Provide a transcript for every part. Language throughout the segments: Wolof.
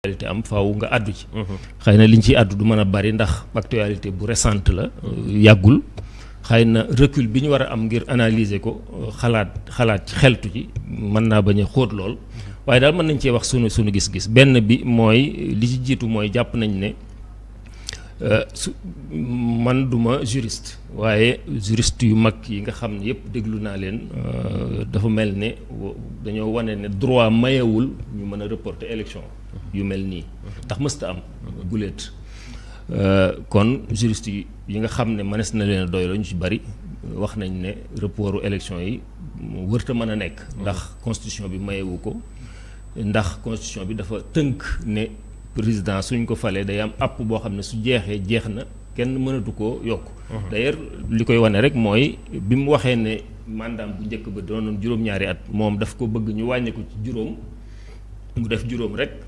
actualité am faw nga àddu ci mhm. xëy na liñ ciy àddu du mën a bari ndax actualité bu recent la euh, yàggul xëy na recul bi ñu war a am ngir analyser ko euh, xalaat xalaat ci xeltu ci mën naa bañ a xóot lool waaye daal mën nañ cee wax sunu sunu gis-gis benn bi mooy li ci jiitu mooy jàpp nañ ne euh, su man duma jurist waaye juriste yu mag yi nga xam ne yëpp déglu naa leen dafa mel ne dañoo wane ne droit mayewul ñu mën a reporter élection yu mel nii ndax mësta am guléet euh, kon juriste yi yi nga xam ne mënees na leen a doy ñu ci bari wax nañ ne reportu élection yi wërta mën a nekk ndax constitution bi mayewu ko ndax constitution bi dafa tënk ne président suñ ko falee day am àpp boo xam ne su jeexee jeex na kenn mënatu koo yokk uh-huh. d'ailleurs li koy wane rek mooy bi mu waxee ne mandaam bu njëkk ba doonoon juróom-ñaari at moom daf ko bëgg ñu wàññeeku ci juróom mu def juróom rek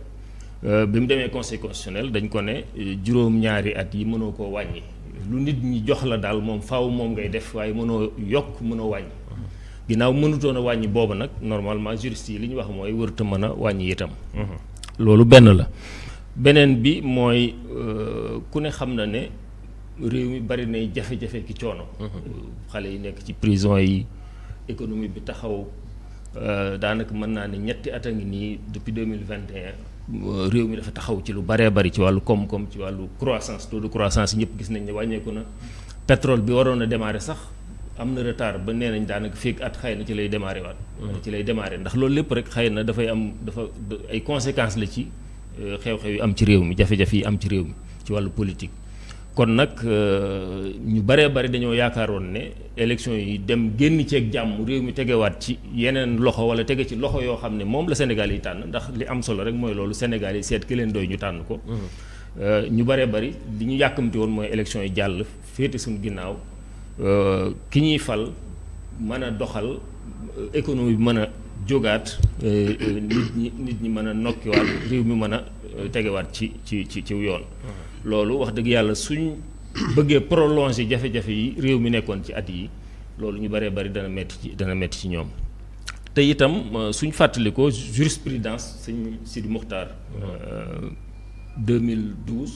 Euh, bi mu demee conseil constitutionnel dañ ko ne euh, juróom-ñaari at yi mënoo koo wàññi lu nit ñi jox la daal moom faw moom ngay def waaye mënoo yokk mënoo wàññi ginnaaw mënutoon a wàññi booba nag normalement juriste yi li ñu wax mooy wërta mën a wàññi itam mhm. loolu benn la beneen bi mooy euh, ku ne xam na ne réew mi bari nay jafe-jafe ki coono mhm. xale yi nekk ci prison yi économie bi taxaw Euh, daanaka mën naa ne ñetti at a ngi nii depuis deux mille vingt et euh, réew mi dafa taxaw ci lu baree bari ci wàllu koom-koom ci wàllu croissance taux de croissance ñëpp gis nañ ne wàññeeku na pétrole bi waroon a démarrer sax am na retard ba nee nañ daanaka fekk at xëy na ci lay démarrer waat. Mm-hmm. ci lay démarrer ndax loolu lépp rek xëy na dafay am dafa ay conséquences la ci euh, xew-xew yi am ci réew mi jafe-jafe yi am ci réew mi ci wàllu politique. kon nag euh, ñu baree bari dañoo yaakaaroon ne élection yi dem génn ceeg jàmm réew mi tegewaat ci yeneen loxo wala tege ci loxo yoo xam ne moom la Sénégal yi tànn ndax li am solo rek mooy loolu Sénégal yi seet ki leen doy ñu tànn ko. Mhm. Euh, ñu baree bari li ñu yàkkamti woon mooy élection yi jàll féete suñu ginnaaw euh, ki ñuy fal mën a doxal économie bi mën a jógaat nit ñi nit ñi mën a nokkiwaat réew mi mën a. Euh, tegewaat ci ci ci ci yoon. loolu wax dëgg yàlla suñ bëggee prolonger jafe-jafe yi réew mi nekkoon ci at yi loolu ñu bëree bëri dana metti ci dana metti ñoom. te itam euh, suñ fàttalikoo jurisprudence sëñ Sidi Muxtaar 2012 euh,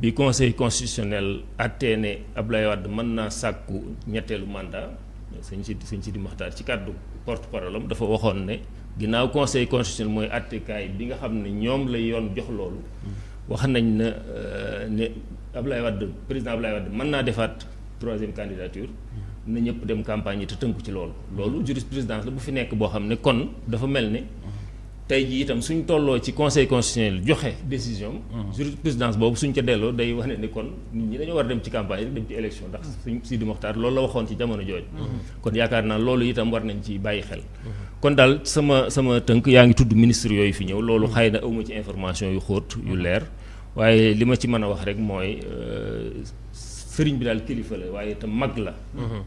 bi conseil constitutionnel àttee ne Abdoulaye Wade mën naa sàkku ñetteelu mandat sëñ Sidi sëñ Sidi Muxtaar ci kàddu porte dafa waxoon ne ginnaaw conseil constitutionnel mooy attekaay bi nga xam ne ñoom la yoon jox loolu. wax nañ ne euh, na lay Ablaye Wade président Ablaye Wade mën naa defaat troisième candidature. na ñëpp dem campagne yi te tënku ci loolu. loolu jurisprudence la bu fi nekk boo xam ne kon dafa mel ne. tey jii itam suñ tolloo ci conseil constitutionnel joxe décision jurisprudence boobu suñ ca delloo day wax ne ni kon nit ñi dañoo war dem ci campagne dem ci élection ndax suñ Sidi Moxtaar loolu la waxoon ci jamono jooju. kon yaakaar naa loolu itam war nañ ci bàyyi xel. kon daal sama sama tënk yaa ngi tudd ministre yooyu fi ñëw loolu xëy na awma ci information yu xóot yu leer waaye li ma ci mën a wax rek mooy euh, sëriñ bi daal kilifa la waaye itam mag la.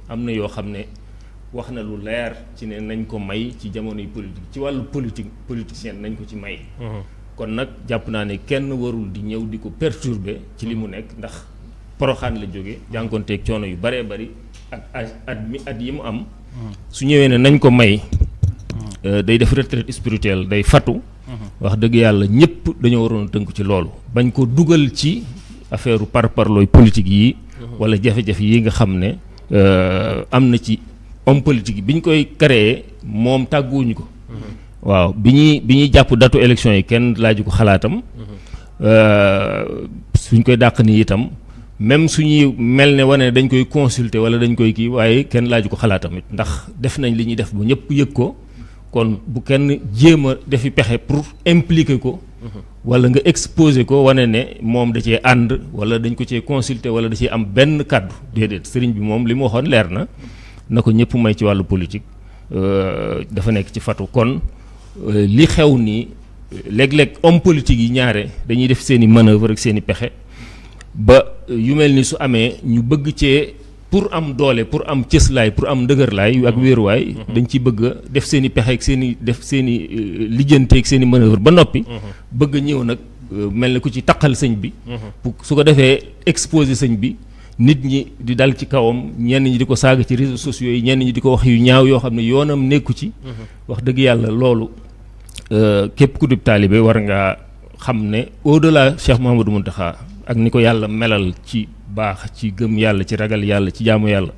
am na yoo xam ne wax na lu leer ci ne nañ ko may ci jamonoy politique ci wàllu politique politicienne nañ ko ci may. Mhm. kon nag jàpp naa ne kenn warul di ñëw di ko perturber ci li mu mhm. nekk ndax poroxaan la jóge jànkoonteeg coono yu baree bari ak at mi at yi mu am. Mhm. su ñëwee ne nañ ko may. Euh, day def retraite spirituelle day fatu. wax dëgg yàlla ñëpp dañoo waroon tënk ci loolu. bañ ko dugal ci affaire par parlooy politique yi. wala jafe-jafe yi nga xam ne euh, am na ci. homme politique bi ñu koy créer moom tàgguwuñu ko. waaw bi ñuy bi ñuy jàpp datu élection yi kenn laaju ko xalaatam. Euh, suñ koy dàq nii itam même suñuy mel ne wane dañ koy consulter wala dañ koy kii waaye kenn laaju ko xalaatam it ndax def nañ li ñuy def ba ñëpp yëg ko kon bu kenn jéem a defi pexe pour impliquer ko. wala nga exposé ko wane ne moom da cee ànd wala dañ ko cee consulter wala da cee am benn kàddu déedéet sëriñ bi moom li mu waxoon leer na. na ko ñëpp may ci wàllu politique euh, dafa nekk ci fatu kon euh, li xew nii léeg-léeg homme politique yi ñaare dañuy def seen i manœuvre ak seeni pexe ba yu mel ni su amee ñu bëgg cee pour am doole pour am cëslaay pour am laay ak mm-hmm. wéeruwaay. Mm-hmm. dañ ciy bëgg def seen i pexe ak seen i def seen i euh, lijjanteeg seen i manœuvre ba noppi. Mm-hmm. bëgg ñëw nag mel ni ku ci taqal sëñ bi. su ko defee exposer sëñ bi. nit ñi di dal ci kawam ñenn ñi di ko saaga ci réseaux sociaux yi ñenn ñi di ko wax yu ñaaw yoo xam ne yoonam nekku ci. Mm-hmm. wax dëgg yàlla loolu euh, képp ku dib taalibe war ngaa xam ne au delà Cheikh Mouhamadou Mountakha ak ni ko yàlla melal ci baax ci gëm yàlla ci ragal yàlla ci jaamu yàlla.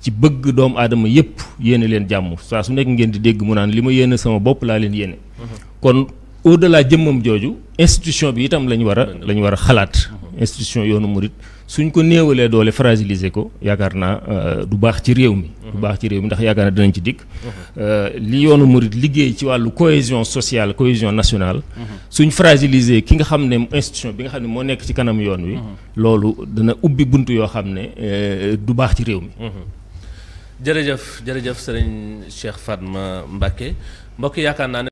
ci bëgg doom aadama yépp yéene leen jàmm saa su nekk ngeen di dégg mu naan li ma yéene sama bopp laa leen yéene. Mm-hmm. kon au jëmmam jooju institution bi itam lañu war a mm-hmm. lañu war a xalaat. institution yoonu murit suñ ko néewalee doole fragiliser ko yaakaar naa euh, du baax ci réew mi. Mhm. du baax ci réew mi ndax yaakaar naa dinañ ci dikk. Euh, li yoonu murit liggéey ci wàllu cohésion sociale cohésion nationale. Mhm. suñ fragiliser ki nga xam ne institution bi nga xam ne moo nekk ci kanam yoon wi. Mhm. loolu dana ubbi bunt yoo xam ne euh, du baax ci réew mi. jërëjëf jërëjëf sëriñ Cheikh Fatma Mbacké mbokk yaakaar naa ne